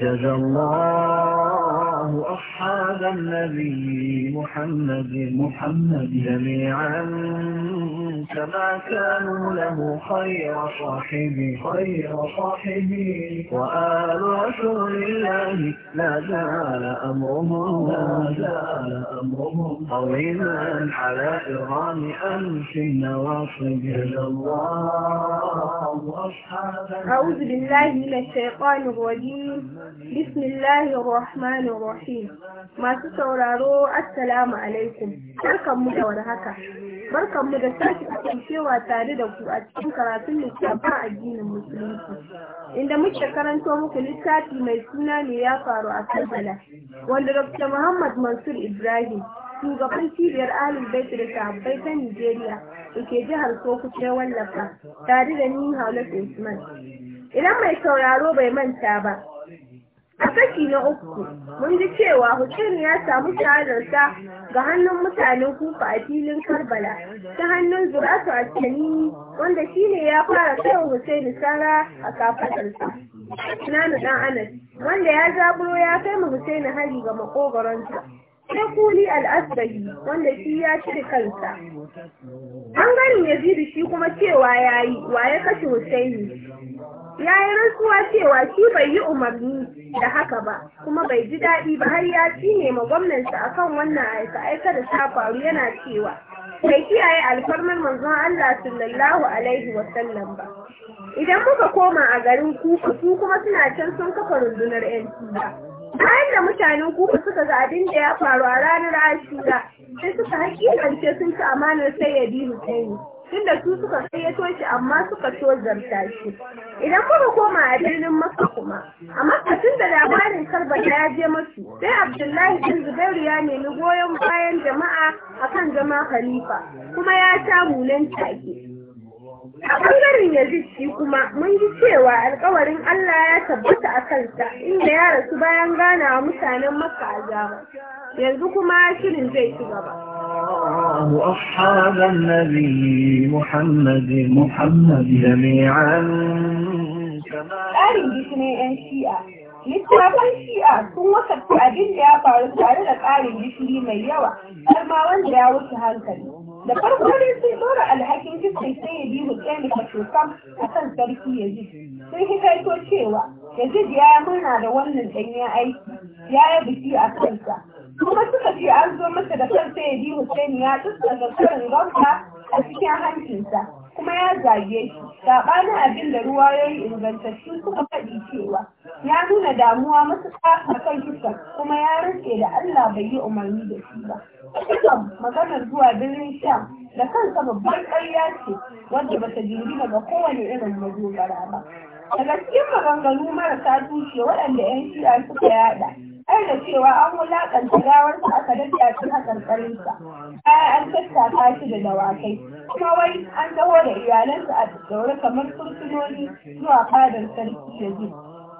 جزى الله أصحاب النبي محمد محمد جميعا كما كانوا له خير صاحبي خير صاحبي وآل رسول الله لا زال أمرهم لا زال أمرهم طويلا على إرغام أنس النواصب جزا الله أعوذ بالله من الشيطان الرجيم بسم الله الرحمن الرحيم masu sauraro assalamu alaikum barkanmu da warhaka barkanmu da sake kasancewa tare da ku a cikin karatun littafin addinin musulunci inda muke karanto muku littafi mai suna ne ya faru a Karbala wanda Dr. Muhammad Mansur Ibrahim shugaban cibiyar alin Bait da sabbai ta Nigeria da ke jihar Sokoto ya wallafa tare da ni Haulat Usman idan mai sauraro bai manta ba A kashi na uku, mun ji cewa Hussein ya samu shahararsa ga hannun mutanen kufa a filin Karbala ta hannun Zuratu a Tanini wanda shine ya fara kaiwa Hussein sara a kafatarsa Nanu dan Anas, wanda ya zaburo ya kai mu Hussein hari ga makogoronsa. Sai kuli al'asbahi wanda shi ya cire kansa. An gani Yazidu shi kuma cewa yayi, wa ya kashe Hussein? ya yi rantsuwa cewa shi bai yi umarni da haka ba kuma bai ji daɗi ba har ya ci ne ma gwamnansa akan wannan aika-aika da ta faru yana cewa bai kiyaye alfarmar manzon Allah sallallahu alaihi wa ba idan muka koma a garin kuka su kuma suna can sun kafa rundunar yan tura bayan da mutanen kuka suka ga abin da ya faru a ranar ashura sai suka hakikance sun ci amanar sayyadi Hussaini tunda su suka sayyato shi amma suka tozarta shi idan muka koma a birnin maka kuma a maka da labarin karbata ya je masu sai abdullahi bin zubairu ya nemi goyon bayan jama'a a kan zama khalifa kuma ya sha nan take a ɓangaren yazid shi kuma mun yi cewa alkawarin allah ya tabbata a kansa inda ya rasu bayan ganawa mutanen maka a yanzu kuma shirin zai ci gaba الله أصحاب النبي محمد محمد جميعا tsarin gishiri 'yan shi'a littafin shi'a sun wasattu abin da ya faru tare da tsarin gishiri mai yawa har ma wanda ya wuce hankali da farko dai sun dora alhakin kisan sai ya biyu tsani kashokam a kan sarki yazid sun hikaito cewa yazid ya yi murna da wannan ɗanyen aiki ya yi biki a kansa kuma suka ce an zo masa da kan ya ji Hussein ya tsaka karin gauta a cikin hankinsa, kuma ya zage shi sabanin abin da ruwa ya yi ingantattu suka faɗi cewa ya nuna damuwa matuƙa a kan kisan kuma ya rike da Allah bai yi umarni da shi ba. Kisan maganar zuwa birnin Sham da kansa babban ƙarya ce wadda bata jirgi daga kowane irin madogara ba. Daga cikin maganganu marasa tushe waɗanda 'yan shi'a suka yaɗa har da cewa an wulaƙanta gawarsa aka dafiya shi a ƙanƙarinsa baya an tattaka shi da dawakai kuma wai an taho da iyalansa a daure kamar fursunoni zuwa fadar sarki da ji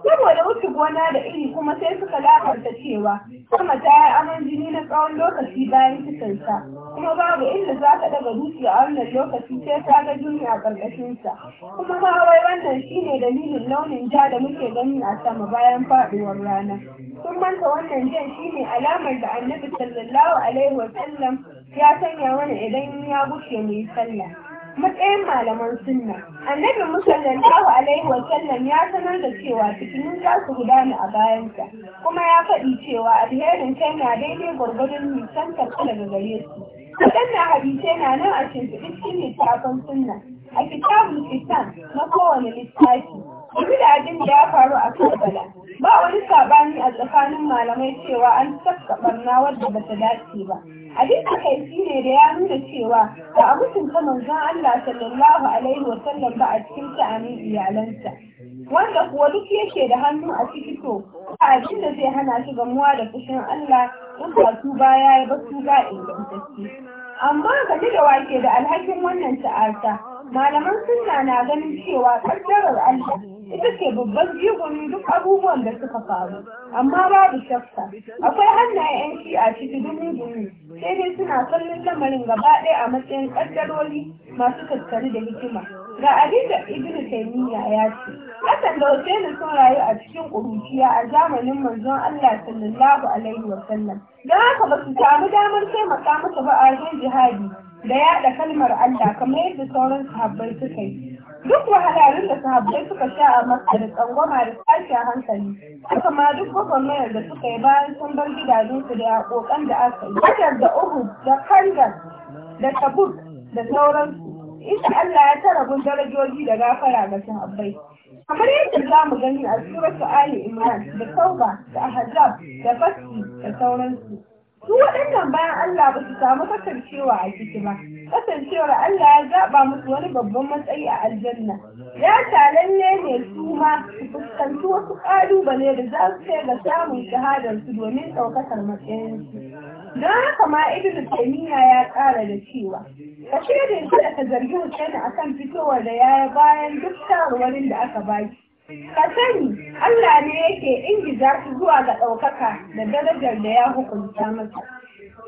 saboda wuce gona da iri kuma sai suka lafarta cewa sama ta yi aman jini na tsawon lokaci bayan cikinsa kuma babu inda za ka daga dutse a wannan lokaci sai ta ga jini a ƙarƙashinsa kuma ma wai wannan shine dalilin launin ja da muke gani a sama bayan faɗuwar rana sun manta wannan jan shine alamar da annabi sallallahu alaihi wa sallam ya sanya mana idan ya bushe mai yi sallah matsayin malaman sunna annabi musallallahu alaihi wa sallam ya sanar da cewa fitinin za su gudana a bayansa kuma ya faɗi cewa alherin kai na daidai gwargwadon nisan kala da gare su waɗannan hadisai na nan a shimfiɗi cikin littafin sunna a kitabun fitan na kowane littafi Ibi da abin da ya faru a Karbala, ba wani sabani a tsakanin malamai cewa an tafka barna wadda ba ta dace ba abin da kai ne da ya nuna cewa ba a mutunta manzon Allah sallallahu alaihi wa sallam ba a cikin sa'anin iyalanta wanda kuwa duk yake da hannu a ciki to abin da zai hana shi gamuwa da fushin Allah in ba su baya ya ba su ba ingantacce amma game da wake da alhakin wannan ta'arta malaman sunna na ganin cewa kaddarar Allah ita ce babban jigon duk abubuwan da suka faru amma babu shakka akwai hannayen yan a ciki dubu dubu sai dai suna kallon lamarin gaba ɗaya a matsayin ƙaddaroli masu tattare da hikima ga abin da ibnu taymiya ya ce hasan da husaini sun rayu a cikin ƙuruciya a zamanin manzon allah sallallahu alaihi Wasallam, don haka ba su samu damar taimaka masa ba a jihadi da yaɗa kalmar allah kamar yadda sauran sahabbai suka yi duk wahalarun da sahabbai suka sha a masa da tsangwama da tashi a hankali haka ma duk gwagwarmayar da suka yi bayan sun bar gidajensu da yaƙoƙan da aka yi wajar da uhud da kandar da tabuk da sauransu insha Allah ya tara gun darajoji da gafara ga sahabbai kamar yadda za mu gani a suratu ali imran da tauba da ahzab da fasi da sauransu Su waɗannan bayan Allah ba su samu kasancewa a ciki ba, kasancewar Allah ya zaɓa musu wani babban matsayi a aljanna. Ya talalle ne su ma su fuskanci wasu ƙalubale da za su kai ga samun su domin ɗaukakar matsayinsu. Don haka ma Ibn Taymiya ya ƙara da cewa, ka shaidin shi da ka zargi Hussein akan fitowar da ya bayan duk shawarwarin da aka baki. Ka sani Allah ne yake ingiza su zuwa ga ɗaukaka da darajar da ya hukunta masa.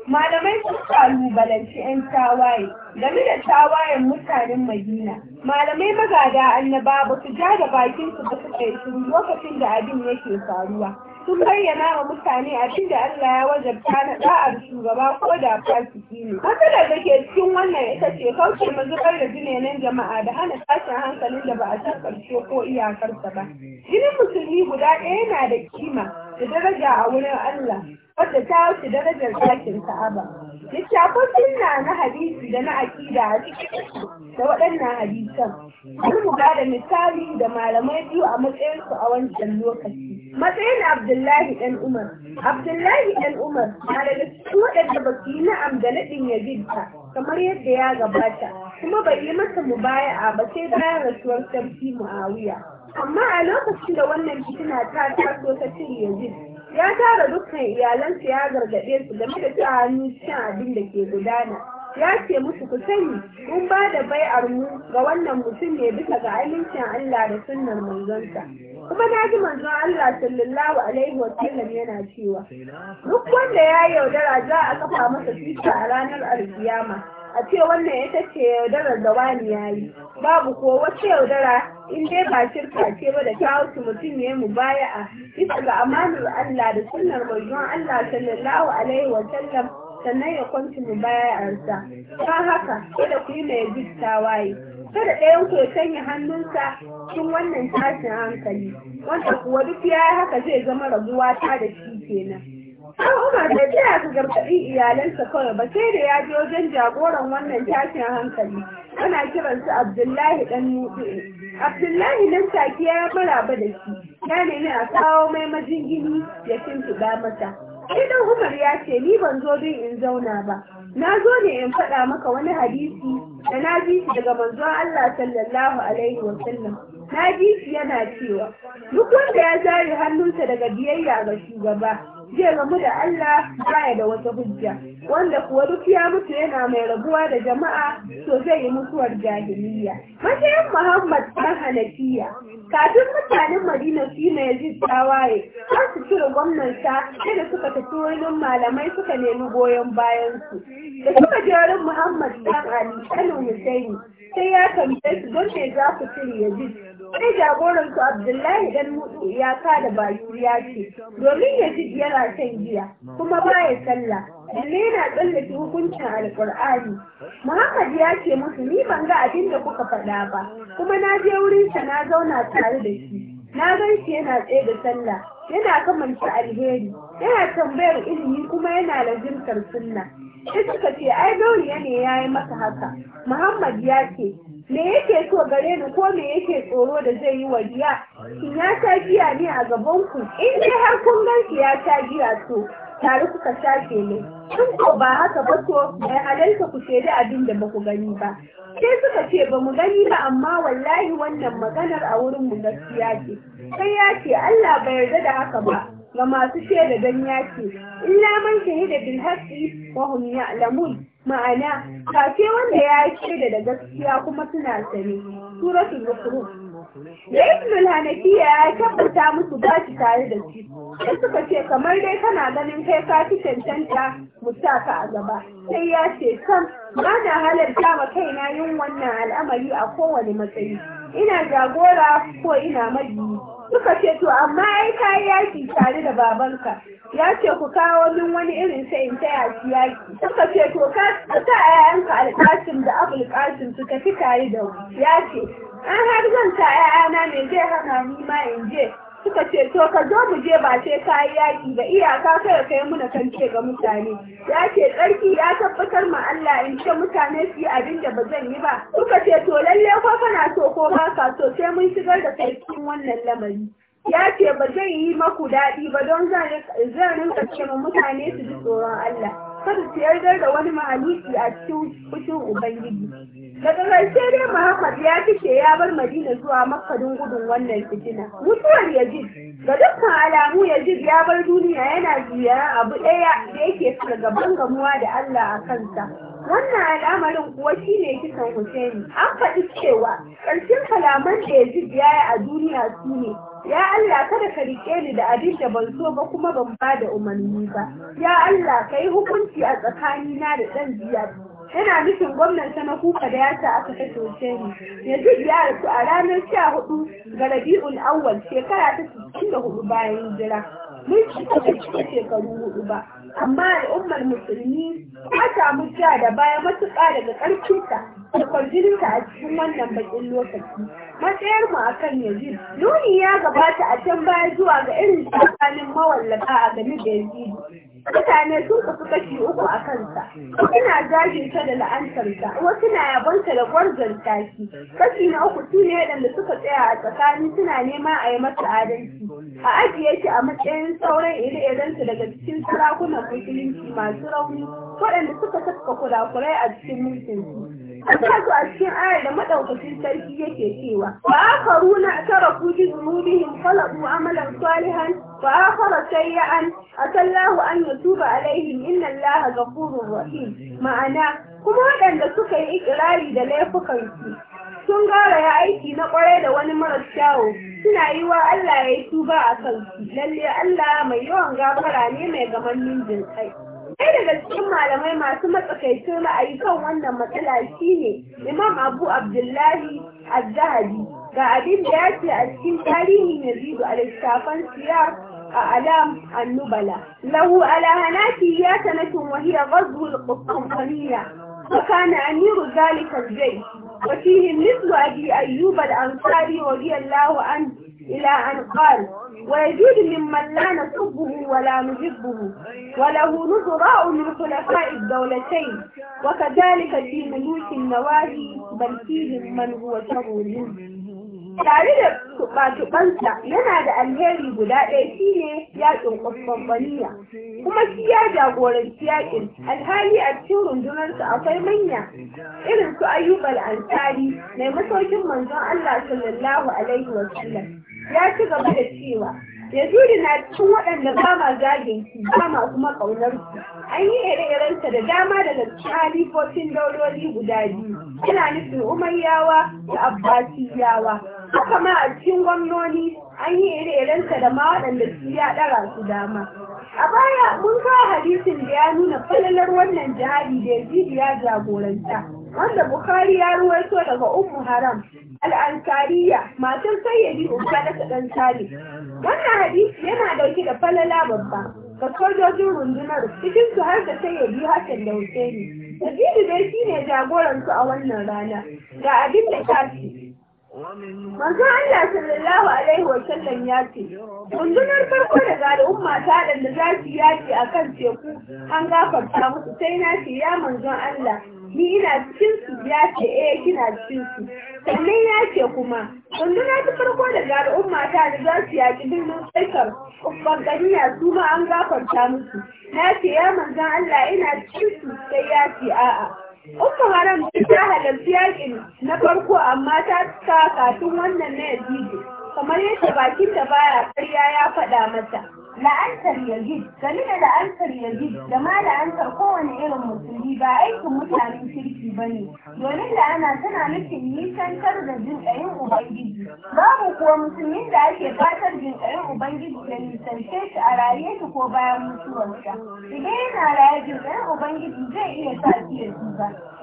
Malamai sun kalubalanci 'yan tawaye game da tawayen mutanen Madina. Malamai magada annaba ba su ja da bakinsu ba su kai lokacin da abin yake faruwa. sun bayyana wa mutane abin da Allah ya wajabta na da'ar shugaba ko da fasiki ne. Matsalar da ke cikin wannan ita ce kauce mu zubar da jinenan jama'a da hana tashin hankalin da ba a san karshe ko iyakarsa ba. Jinin musulmi guda ɗaya yana da kima da daraja a wurin Allah. wadda ta wuce darajar ɗakin Ka'aba. Littafin sunna na hadisi da na aƙida a cikin da waɗannan hadisan. An buga da misali da malamai biyu a matsayinsu a wancan lokaci. Matsayin Abdullahi ɗan Umar. Abdullahi ɗan Umar na daga cikin waɗanda ba su yi na'am da naɗin Yazid ba kamar yadda ya gabata. Kuma bai yi masa mu baya a ba sai bayan rasuwar sarki Muawiya. Amma a lokacin da wannan fitina ta taso ta cin Yazid ya tara dukkan iyalansa ya gargaɗe su game da a hannu cikin abin da ke gudana ya ce musu ku sani kun ba da bai'ar mu ga wannan mutum ne bisa ga amincin Allah da sunnar manzonsa kuma na ji manzon Allah sallallahu alaihi wa sallam yana cewa duk wanda ya yaudara za a kafa masa fita a ranar alkiyama a ce wannan ita ce yaudarar da wani ya yi babu ko wace yaudara in dai ba shirka ce ba da ta wuce mutum ya mu baya a bisa ga amanar Allah da sunnar manzon Allah sallallahu alaihi wa sallam sannan ya kwanci mu baya a sa don haka kada ku yi mai waye, kada ɗayan ku ya sanya hannunsa cikin wannan tashin hankali wanda kuwa duk ya haka zai zama rabuwa ta da shi kenan An Umar bai taya su gargaɗi iyalansa kawai ba sai da ya je wajen jagoran wannan tashin hankali. Ana su Abdullahi ɗan Nutsu'e. Abdullahi nan take ya maraba da shi. Ya nemi a kawo mai majingini ya shimfiɗa mata. Idan Umar ya ce ni ban zo don in zauna ba. Na zo ne in faɗa maka wani hadisi da na ji daga manzon Allah sallallahu alaihi wa sallam. na ji shi yana cewa duk wanda ya zare hannunsa daga biyayya ga shugaba zai gamu da Allah baya da wata hujja wanda kuwa duk ya mutu yana mai rabuwa da jama'a to zai yi mutuwar jahiliya matsayin Muhammad ɗan Hanafiya kafin mutanen Madina su yi mai jin tsawaye har su cire gwamnan sa da suka tafi wurin malamai suka nemi goyon bayan su da suka je wurin Muhammad ɗan Ali Kano Hussein sai ya tambaye su don me za su cire Yazid sai jagoran su abdullahi dan mutu ya da bayuriya ce domin ya ji yana shan giya kuma ba baya sallah lalle yana tsallake hukuncin alkur'ani muhammad ya ce musu ni ban ga abin da kuka faɗa ba kuma na je wurin sa na zauna tare da shi na gan shi yana tsaye da sallah yana kamanta alheri yana tambayar ilimi kuma yana lazimtar sunna sai suka ce ai gauriya ne ya yi maka haka muhammad ya ce me yake so gare ni ko me yake tsoro da zai yi wa giya shin ya ta giya ne a gaban ku in dai har kun gan ya ta giya to tare kuka sake ne in ko ba haka ba to bai halarta ku shaidi abin da ba ku gani ba sai suka ce ba mu gani ba amma wallahi wannan maganar a wurin mu gaskiya ce sai ya ce Allah bai yarda da haka ba ga masu shaida dan ya ce illa man shahida bil haqqi wa hum ya'lamun ma'ana ba ce wanda ya yi ce da gaskiya kuma suna sani suratul zukhruf da ibnul hanafiya ya yi tabbata musu ba shi tare da shi sai suka ce kamar dai kana ganin kai ka fi cancanta mu ka a gaba sai ya ce sam ba na halarta ma kaina yin wannan al'amari a kowane matsayi ina jagora ko ina majiyi. suka ce to amma ai ka yi yaki tare da babanka ya ce ku kawo min wani irin sai in taya shi yaki suka ce to ka ta ayyanka alƙasim da abul qasim su tafi tare da mu ya ce an har zan ta yayana me zai hana ni ma in je suka ce to ka zo mu je ba sai ka yi yaƙi ba iyaka kai kai muna kance ga mutane ya ce tsarki ya tabbatar ma Allah in ce mutane su yi abin da ba zan yi ba suka ce to lalle ko kana so ko ba ka so sai mun shigar da kai wannan lamari ya ce ba zan yi maku daɗi ba don zan rinka ce mutane su ji tsoron Allah kada su yarda da wani mahaluki a cikin fushin Ubangiji daga ƙarshe dai muhammad ya fice ya bar madina zuwa makka don gudun wannan fitina mutuwar yazid ga dukkan alamu yazid ya bar duniya yana ziyara abu ɗaya da yake gaban gamuwa da allah a kansa wannan al'amarin kuwa ne kisan Hussaini. an faɗi cewa ƙarshen kalaman da yazid ya yi a duniya su ne ya Allah kada ka riƙe ni da abin da ban so ba kuma ban ba da umarni ba ya Allah ka yi hukunci a tsakanina da ɗan jiya yana nufin gwamnan ta na kuka da ya sa aka kashe Hussein Yazid ya rasu a ranar hudu ga Rabi'un Awwal shekara ta da hudu bayan mun ci ta cikin shekaru hudu ba amma al'ummar musulmi ta samu ja da baya matuƙa daga ƙarfinta da kwarjininta a cikin wannan bakin lokaci matsayar mu a kan yazi. nuni ya gabata a can baya zuwa ga irin tsakanin mawallaka a game da Yazid mutane sun kasu kashi uku a kansa suna zagin ta da la'antarsa wasu na yabonta da gwarzon taki kashi na uku su ne waɗanda suka tsaya a tsakanin, suna nema a yi masa adalci a ajiye shi a matsayin sauran ire-irensu daga cikin sarakunan musulunci masu rauni waɗanda suka saka kurakurai a cikin mulkinsu Alkazu a cikin ayar da maɗaukacin sarki yake cewa, Ba aka runa tara kujin rubihin falabu amalan salihan فآخر سيئا أتى الله أن يتوب عليهم إن الله غفور رحيم ma'ana kuma waɗanda suka yi iƙirari da laifukansu sun gara ya aiki na kwarai da wani maras kyawo suna yi wa Allah ya yi tuba a kansu lalle Allah mai yawan gafara ne mai gamannin kai Ɗaya daga cikin malamai masu matsakaicin ra'ayi kan wannan matsala shine Imam Abu Abdullahi Az-Zahabi ga abin da ya ce a cikin tarihin Naziru a littafan siyar أعلام النبلاء له على هناك ياتنة وهي غزو القسطنطينية وكان أمير ذلك الجيش وفيهم مثل أبي أيوب الأنصاري رضي الله عنه إلى أن قال ويجود ممن لا نسبه ولا نحبه وله نظراء من خلفاء الدولتين وكذلك في ملوك النواهي بل فيهم من هو شر منه tare da tuɓa-tuɓansa yana da alheri guda ɗaya shi ne yakin kwaskwambaniya kuma shi ya jagoranci yaƙin. alhali a cikin rundunarsa akwai manya irin su ayyubal ansari mai masaukin manzon allah sallallahu alaihi wasallam ya ci gaba da cewa ya juri na cikin waɗanda ba ma zagin ba ma kuma ƙaunar su an yi ire-irensa da dama daga cikin alifofin dauloli guda biyu yana nufin umayyawa da abbasiyawa haka ma a cikin gwamnoni an yi ire-irensa da ma waɗanda su ya ɗara su dama a baya mun kawo hadisin da ya nuna falalar wannan jihadi da yazidi ya jagoranta wanda Bukari ya ruwaito daga Ummu Haram al'ansariya matan matar Sayyidi Ubadat dan Sali wannan hadisi yana dauke da falala babba ga sojojin rundunar cikin su har da Sayyidi Hassan da Husaini Yazidu dai shine jagoran su a wannan rana ga abin da ta Manzo Allah sallallahu alaihi wa sallam ya ce rundunar farko da daga umma ta da za su yaki akan teku an gafarta musu sai na ce ya manzon Allah ni ina cikin su ya ce eh kina cikin su sannan ya ce kuma runduna ta farko da al'umma ta da za su yaƙi birnin tsaikar babban ganiya su ma an gafarta musu na ce ya manzan Allah ina cikin su sai ya ce a'a Umma Haram ta halarci yaƙin na farko amma ta kaka tun wannan na Yazidu kamar yadda bakin ta baya karya ya faɗa mata. la'antar yazid game da la'antar yazid da ma la'antar kowane irin musulmi ba aikin mutanen kirki ba ne domin la'ana tana nufin nisantar da jinƙayin ubangiji babu kuwa musulmin da ake fatar jinƙayin ubangiji da nisance shi a raye shi ko bayan mutuwarsa idan yana raye jinƙayin ubangiji zai iya sa shi ya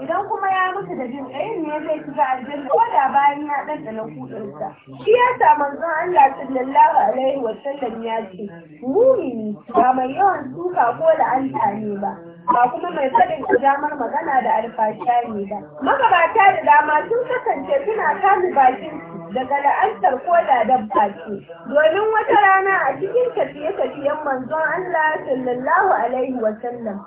idan kuma ya mutu da jinƙayin ne zai shiga aljanna ko da bayan ya ɗanɗana kuɗinsa shi ya sa manzon Allah sallallahu alaihi wa sallam ya ce mumini ba mai yawan suka ko la'anta ne ba ba kuma mai faɗin damar magana da alfasha ne ba magabata da dama sun kasance suna kame bakin su daga la'antar ko da dabba ce domin wata rana a cikin tafiye-tafiyen manzon Allah sallallahu alaihi wa sallam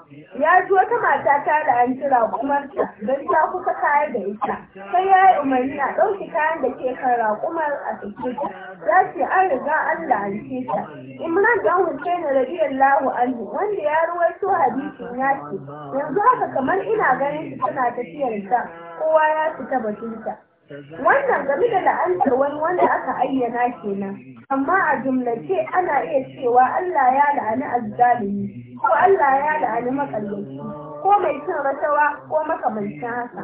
ya ji wata mata ta la'anci raƙumarta don ta kusa kaya da ita sai ya yi umarni a ɗauki kayan da ke kan raƙumar a sake ta za an riga an ce ta Imran dan Hussein radiyallahu anhu wanda ya ruwaito hadisin ya ce yanzu haka kamar ina ganin tana tafiyar ta kowa ya fita batunta Wannan game da la'antar wani wanda aka ayyana kenan, amma a jumlace ana iya cewa Allah ya la'ani azzalimi, ko Allah ya la'ani maƙaryaci, ko mai cin ratawa ko makamancin haka.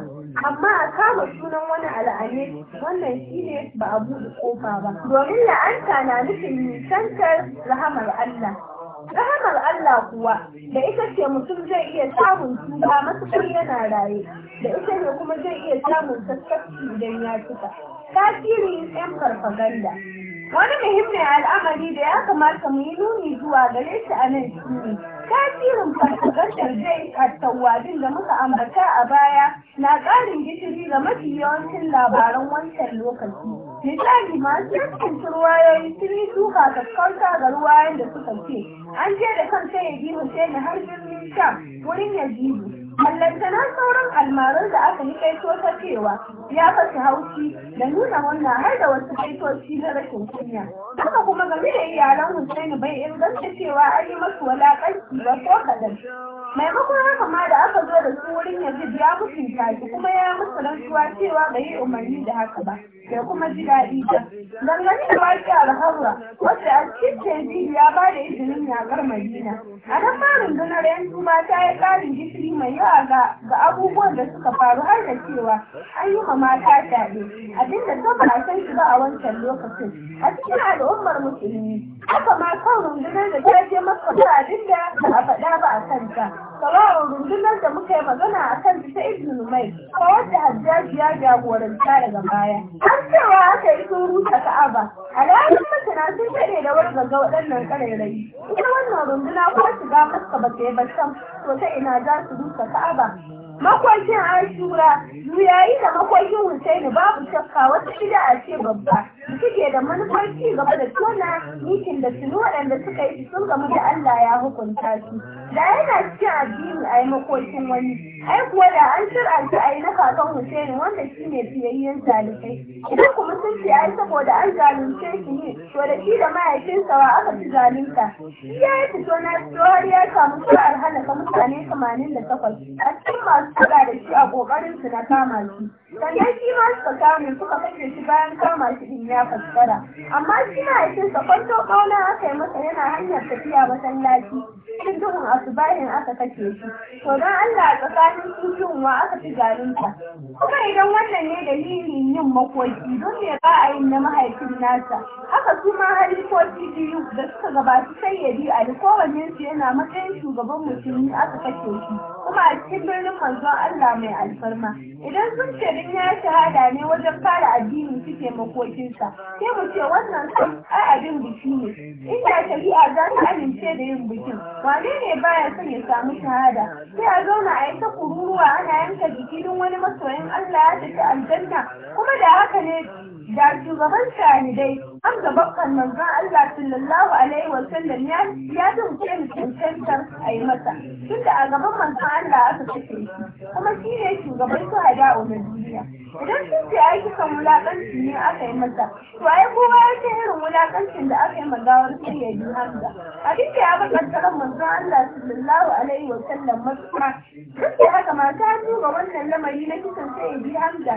Amma a kama sunan wani al'ane wannan shine ba a buɗe ƙofa ba, domin la'anta na nufin nisantar rahamar Allah. Rahamar Allah kuwa da ita ce mutum zai iya samun tuba matuƙar yana raye, da ita ne kuma zai iya samun tattaki idan ya cika. Tasiri yan farfaganda. Wani muhimmin al'amari da ya kamata mu yi nuni zuwa gare shi a nan shi ne. tasirin farfagashar dai a tawadin da muka ambata a baya na ƙarin gishiri ga mafi yawancin labaran wancan lokaci misali masu yankin ruwayoyi sun yi duka kakkauta ga ruwayen da suka ce an je da kan sai ya bi hussein har jirgin sha wurin yazidu mallantana sauran almarar da aka yi kai ta cewa ya fasa haushi da nuna wannan har da wasu baitoci na rashin kunya haka kuma game da iyalan Hussein bai inganta cewa an yi masu walakanci ba ko kadan maimakon haka ma da aka zo da su wurin yanzu ya mutunta shi kuma ya musu rantsuwa cewa bai yi umarni da haka ba da kuma ji daɗi ta? dangane da a alharra wacce a cikin ya ba da izinin yaƙar Madina a nan ma rundunar yan tuma ta yi ƙarin gishiri mai yawa ga abubuwan da suka faru har da cewa an yi mata fyaɗe abinda duk ba san shi ba a wancan lokacin a cikin al'ummar musulmi haka ma kan rundunar da ta je maka ba abinda ba a faɗa ba a kanta a rundunar da muka yi magana a kan ta ibn numai ko wacce hajjaji ya jagoranta daga baya an cewa aka yi sun rusa ka'aba alhalin masana sun daɗe da wargaza waɗannan ƙarairayi ita wannan runduna ko shiga maka ba ta yi ba sam to ta ina za su rusa ka'aba Makokin Ashura, juyayi da makokin Hussaini babu shakka wata gida a ce babba. suke da manufar ci gaba da tona mikin da tuni waɗanda suka yi sun gamu da Allah ya hukunta su. Da yana cikin addini a yi makokin wani, ai kuwa da an shir'anta a yi na kakan Hussein wanda shi ne fiyayyen zalifai. Idan kuma sun ce ai saboda an zalunce shi ne, to da shi da mahaifinsa wa aka fi zalunta. Shi ya yi fito na har ya samu hana halaka mutane 88 a cikin masu kula da shi a su na kama su. sannan shi ma suka kame suka kashe shi bayan kama shi din ya fassara amma shi na yakin sa kwanto kauna aka yi masa yana hanyar tafiya masallaci cikin duhun asubahin aka kashe shi to don Allah a tsakanin sun wa aka fi garinsa kuma idan wannan ne dalilin yin makoki don me ba a yin na mahaifin nasa haka su ma halifofi biyu da suka gabata sayyadi ali kowanne su yana matsayin shugaban musulmi aka kashe shi kuma a cikin birnin manzon Allah mai alfarma idan sun ce din ya shahada ne wajen fara addini suke makokinsa sai mu ce wannan sam ai abin biki ne inda shari'a za ta amince da yin bikin wane ne baya son ya samu shahada sai a zauna a yi kururuwa ana yanka jiki don wani masoyin Allah ya tafi aljanna kuma da haka ne da shugaban shalidai an bakkan manzon Allah sallallahu alaihi wa sallam ya ya dauke kin cancantar a yi masa tunda a gaban manzon Allah aka kace kuma shi ne shugaban su hada na duniya idan sun ce ai kisan mulakanci ne aka yi masa to ai kowa ya ce irin mulakancin da aka yi magawar sai ya yi hamza abin da ya bakantar manzon Allah sallallahu alaihi wa sallam masuwa duk da haka mata duba wannan lamari na kisan sai ya yi hamza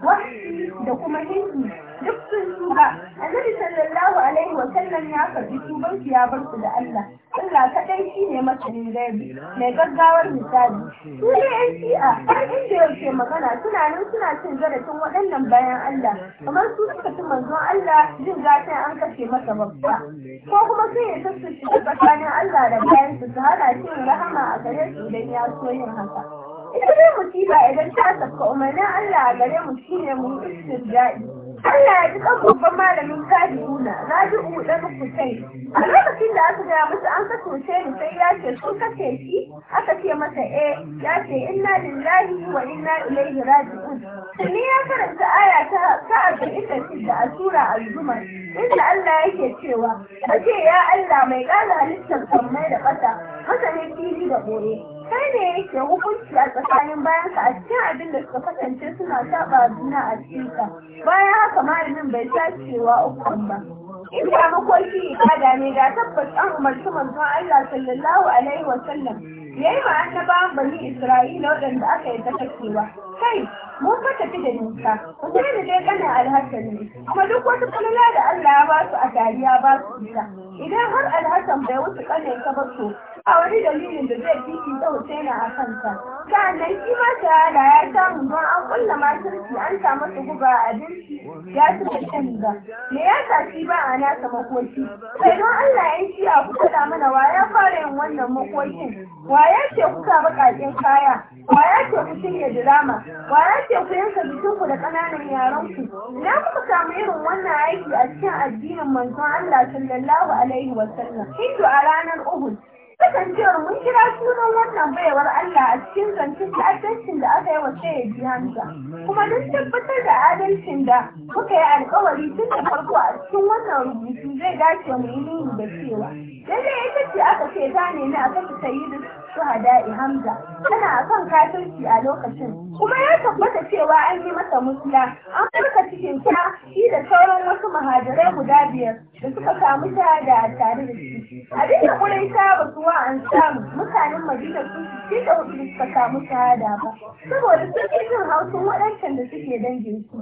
wasu da kuma hin duk sun a annabi sallallahu alaihi wa sallam ya karbi tuban su ya bar su da Allah Allah kadai shine masanin gari, mai gaggawar misali su ne yan shi'a har inda yake magana suna nan suna cin zarafin waɗannan bayan Allah kamar su suka ci manzon Allah jin gatan an kashe masa babba ko kuma sun yi sassu shi tsakanin Allah da bayan su su hada cin rahama a gare su idan ya so yin haka ita dai musiba idan ta saka umarnin Allah a gare mu shi ne mu istirja'i Allah ya ji kan malamin kaji nuna na ji uɗa muku sai a lokacin da aka gaya musu an kaso ce ni sai ya ce sun kace shi aka ce masa eh ya ce inna lillahi wa inna ilaihi raji'un tuni ya karanta aya ta ta arba'in da shida a sura al-zumar inda Allah yake cewa a ce ya Allah mai ƙara halittar sammai da ƙasa masanin fili da ɓoye kai ne yake hukunci a tsakanin bayansa a cikin abin da suka kasance suna saba juna a cikinsa bayan haka malamin bai sa cewa ukun ba in da makoki da ne ga tabbas an umarci manzon Allah sallallahu alaihi wa sallam yayi ma annabawan bani Isra'ila waɗanda aka yi takakewa kai mun fa tafi da nisa ku sai da dai kana alhassan ne kuma duk wata kulula da Allah ya ba su a dariya ba su isa idan har alhassan bai wuce kane ka ba to a wani dalilin da zai fi ta Husaina a kanta. Sa'annan shi ma shahada ya samu don an kulla makirci an samu su guba a abinci ya su da shan ba. Me ya sa shi ba a nasa makoki? Sai don Allah ya shi a ku da mana wa ya fara yin wannan makokin? Wa ya ce ku baƙaƙen kaya? Wa ya ce ku shirya dirama? Wa ya ce ku yanka bikinku da ƙananan yaranku? Na kuka samu irin wannan aiki a cikin addinin manzon Allah sallallahu alaihi wa Hindu a ranar Uhud. kasancewar mun kira sunan wannan baiwar Allah a cikin zancen adalcin da aka yi wa sayyidi Hamza kuma don tabbatar da adalcin da muka yi alkawari tun da farko a cikin wannan rubutu zai dace mu yi da cewa lallai ita ce aka ce ta nemi a kasa sayyidu shuhada'i Hamza tana a kan kafirci a lokacin kuma ya tabbata cewa an yi masa musula an farka cikin ta shi da sauran wasu mahajirai guda biyar da suka samu a tare da shi abin da kurai ta ba su wa an samu mutanen Madina sun ci da hudu da suka samu shahada ba saboda sun yi jin hausun waɗancan da suke dangin su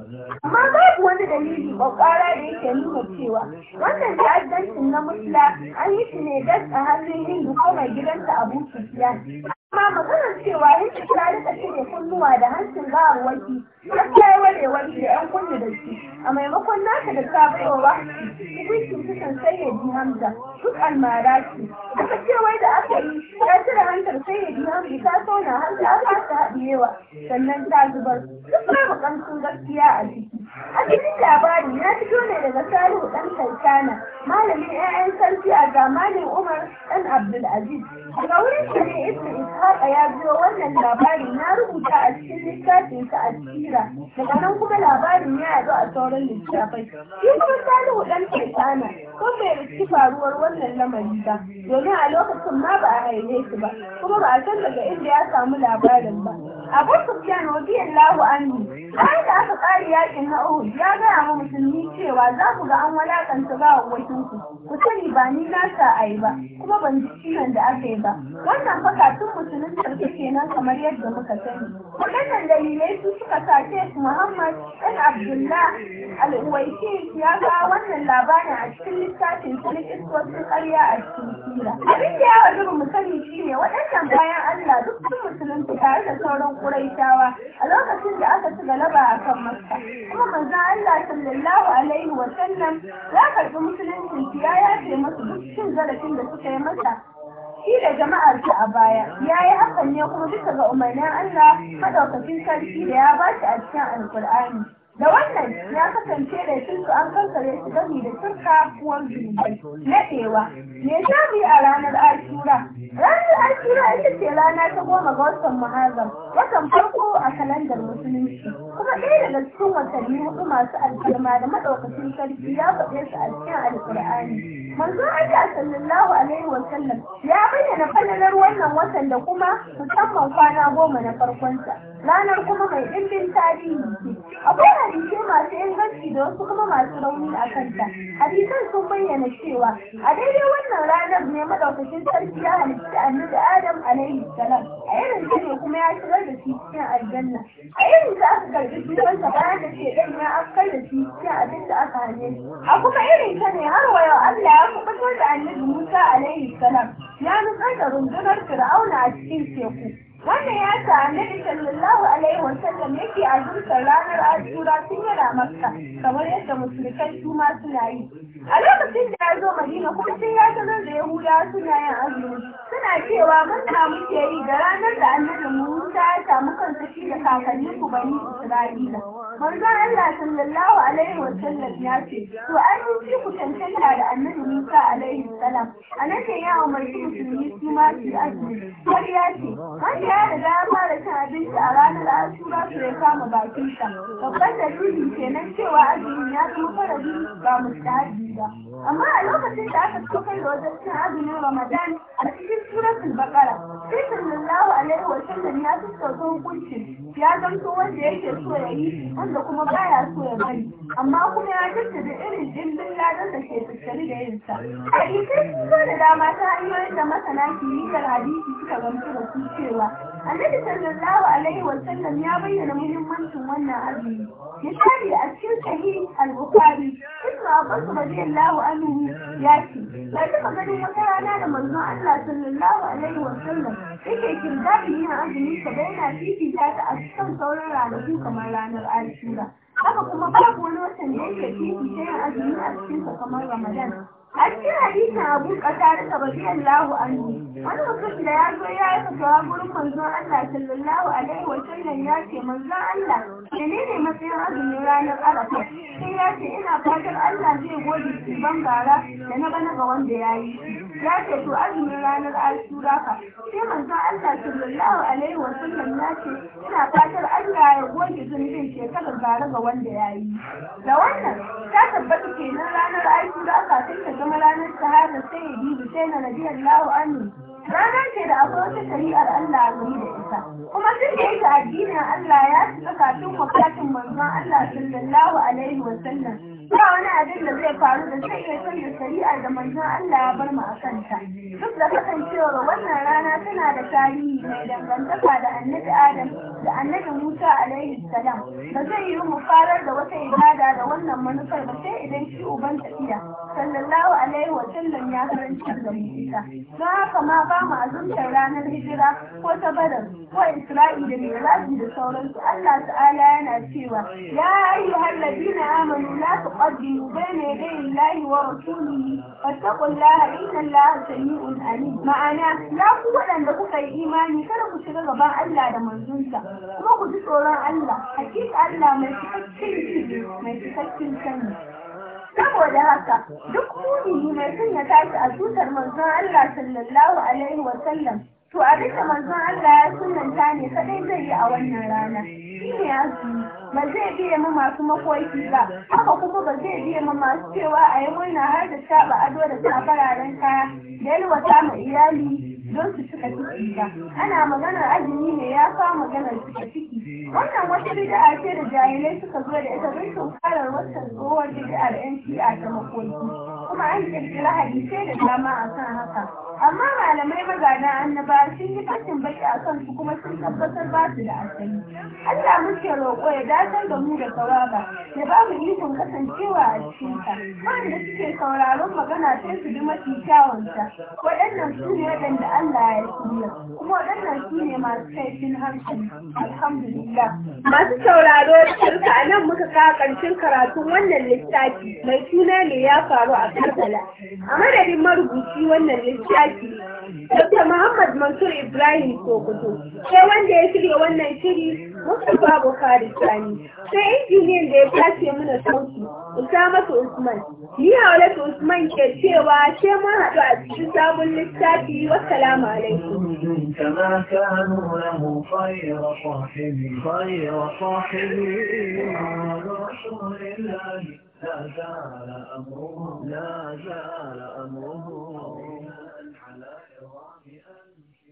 amma babu wani dalili kwakwara da yake nuna cewa wannan ta'addancin na musla an yi shi ne gas a hannun Hindu ko mai gidansa Abu Sufyan amma maganar cewa yake ta rika kunnuwa da hancin gawarwaki gaskiya ya ware wani da yan kunni da shi a maimakon naka da tabarowa hukuncin kusan sayyadi hamza duk almara ce aka cewar da aka yi ta cire hantar sayyadi hamza ta sona aka ta fasa haɗewa sannan ta zubar duk babu kamsun gaskiya a ciki cikin labarin, ya fito ne daga salihu dan kaitana malamin 'ya'yan sarki a zamanin umar dan abdulaziz daga wurin shi ne ibn ishaqa ya biyo wannan labari na rubuta a cikin littafin sa asira daga nan kuma labarin ya yaɗu a sauran littafai shi kuma salihu dan kaitana ko bai riski faruwar wannan lamari ba domin a lokacin ma ba a haine shi ba kuma ba a san daga inda ya samu labarin ba abu sufyan radiyallahu anhu bayan da aka kare yakin na uhud ya gaya wa musulmi cewa za ku ga an walakanta ba ku. ku sani ba ni na sa a yi ba kuma ban ji ciwon da aka yi ba wannan faka tun musulun tarki kenan kamar yadda muka sani waɗannan dalilai su suka sa sheikh muhammad ɗan abdullah al'uwaisi ya kawo wannan labarin a cikin littafin sunan iskokin ƙarya a cikin sira abin da ya wajibi mu sani shine waɗannan bayan allah duk sun musulun tare da sauran ƙuraitawa a lokacin da aka ci galaba a kan makka kuma manzon allah sallallahu alaihi wa sallam ya karɓi musuluncin ya yafe masu duk cin zarafin da suka yi masa shi da jama'ar su a baya ya yi hakan ne kuma bisa ga umarnin Allah madaukakin sarki da ya ba shi a cikin alkur'ani da wannan ya kasance da su an kankare su gami da turka kuwan zunubai naɗewa me sha biyu a ranar ashura ranar ashura ita ce rana ta goma ga watan muharram watan farko a kalandar musulunci kuma ɗaya daga cikin watanni hudu masu alfarma da maɗaukacin sarki ya faɗe su a cikin alƙur'ani manzo Allah sallallahu alaihi wa sallam ya bayyana falalar wannan watan da kuma musamman kwana goma na farkonsa ranar kuma mai ɗimbin tarihi ce akwai hadisi masu inganci da wasu kuma masu rauni a kanta hadisan sun bayyana cewa a daidai wannan ranar ne madaukakin sarki ya halitta annabi adam alaihi salam a irin ta ne kuma ya shigar da shi cikin aljanna a irin ta aka karɓi jikinsa bayan da ɗan ya afkar da shi cikin abin da aka hane shi a kuma irin ta ne har wa yau Allah ya kuɓutar da annabi Musa alaihi salam ya nutsar da rundunar Fir'auna a cikin teku wannan ya sa annabi sallallahu alaihi wasallam yake azurtar ranar azura sun yi ramarsa, kamar yadda musulmai su ma suna yi a lokacin da ya zo madina kuma sun ya sanar da yahudawa suna yin azumi suna cewa masa muke yi da ranar da annabi Musa ya samu kansa shi da kakannin ku bani Isra'ila. Manzon Allah sallallahu alaihi wa sallam ya ce, to an yi ku cancanta da annabi Musa alaihi salam. A nan ne ya umarci musulmi su ma su azumi. wani ya ce, wani ya riga ya fara cin abinci a ranar Ashura su ya kama bakinsa. Babban dalili kenan cewa azumi ya zama faradi ba mustahabi ba. Amma a lokacin da aka tsokar da wajen cin azumin Ramadan a cikin suratul baqara sai sallallahu alaihi wa sallam ya sassauta hukunci ya zanto wanda yake so ya yi wanda kuma baya so ya bari amma kuma ya da irin dimbin ladan da ke tattali da yin sa. Hadisai sun da dama ta hanyoyin da masana kimiyyar hadisi suka gamsu da su cewa Annabi sallallahu alaihi wa sallam ya bayyana muhimmancin wannan azumi. Misali a cikin sahih al-Bukhari, Ibn Abbas radiyallahu anhu ya ce, "Ba taɓa ganin wata rana da manzon Allah sallallahu alaihi wa sallam yake kirga yin azumi ka yana fifita ta a cikin sauran ranaku kamar ranar Ashura." haka kuma babu wani watan da yake fi ta azumi a cikinsa kamar ramadan a cikin hadisin abu qatada radiyallahu anhu wani mutum da ya zo ya yi fatawa gurin manzon Allah sallallahu alaihi wa sallam ya ce manzon Allah ne matsayin azumin ranar arafa sai ya ce ina fatan Allah zai gode shi bangara da na bana ga wanda ya yi ya ce to azumin ranar ashura ka sai manzon Allah sallallahu alaihi wa sallam na ina fatar Allah ya goge zunubin shekarar gara ga wanda ya yi da wannan ta tabbata kenan ranar aiki za aka sai ta zama ranar shahada sai ya bibi sai na radiyar lahu anhu ranar ce da akwai wata shari'ar Allah a gari da ita kuma duk da yake addinin Allah ya shiga kafin wakatin manzon Allah sallallahu alaihi wa sallam ba wani abin da zai faru da zai iya karya shari'ar da manzon Allah ya bar mu a kanta duk da kasancewar wannan rana tana da tarihi mai dangantaka da annabi Adam da annabi Musa alaihi salam ba zai yi mu farar da wata ibada da wannan manufar ba sai idan shi uban tafiya sallallahu alaihi wa sallam ya karanci da mu ita don haka ma ba mu azumtar ranar hijira ko ta badar ko isra'i da miraji da sauransu Allah ta'ala yana cewa ya ayyuhal ladina amanu la تقدم بين يدي الله ورسوله فاتقوا الله إن الله سميع عليم ma'ana ya ku waɗanda kuka yi imani kada ku shiga gaban Allah da manzonsa kuma ku ji tsoron Allah hakika Allah mai cikakken mai cikakken saboda haka duk mumini mai son ya tashi a tutar manzon Allah sallallahu alaihi wa sallam to abinda masu manzon Allah ya sunanta ne kadai zai yi a wannan rana shine azumi ba zai biye ma masu makoki ba haka kuma ba zai biye ma masu cewa a yi murna har da saba ado da sa kaya da yalwata ma iyali don su cika ciki ba ana maganar azumi ne ya fa maganar cika ciki wannan wata bid'a ce da jahilai suka zo da ita don tunkarar wata tsohuwar bid'ar yan shi'a ta makoki kuma an kirkira hadisai da dama a kan haka amma malamai magana annaba sun yi kashin baki a kan su kuma sun tabbatar ba su da asali Allah muke roƙo ya dakatar da mu da sauraba ya ba mu ikon kasancewa a cikin ta wanda suke sauraron magana sai su bi mafi kyawunta waɗannan su ne waɗanda Allah ya shirya kuma waɗannan su ne masu kaifin harshen alhamdulillah masu sauraro shirka a nan muka kawo ƙarshen karatun wannan littafi mai suna ne ya faru a Karbala a madadin marubuci wannan littafi Dr. Muhammad Mansur Ibrahim Sokoto sai wanda ya shirya wannan shiri Mustapha Bukhari Sani, sai injiniyan da ya tace mana sauki, Usamatu Usman. Ni Haulatu Usman ke cewa ce mun haɗu a cikin sabon littafi wa salamu alaikum. لا زال أمره لا زال أمره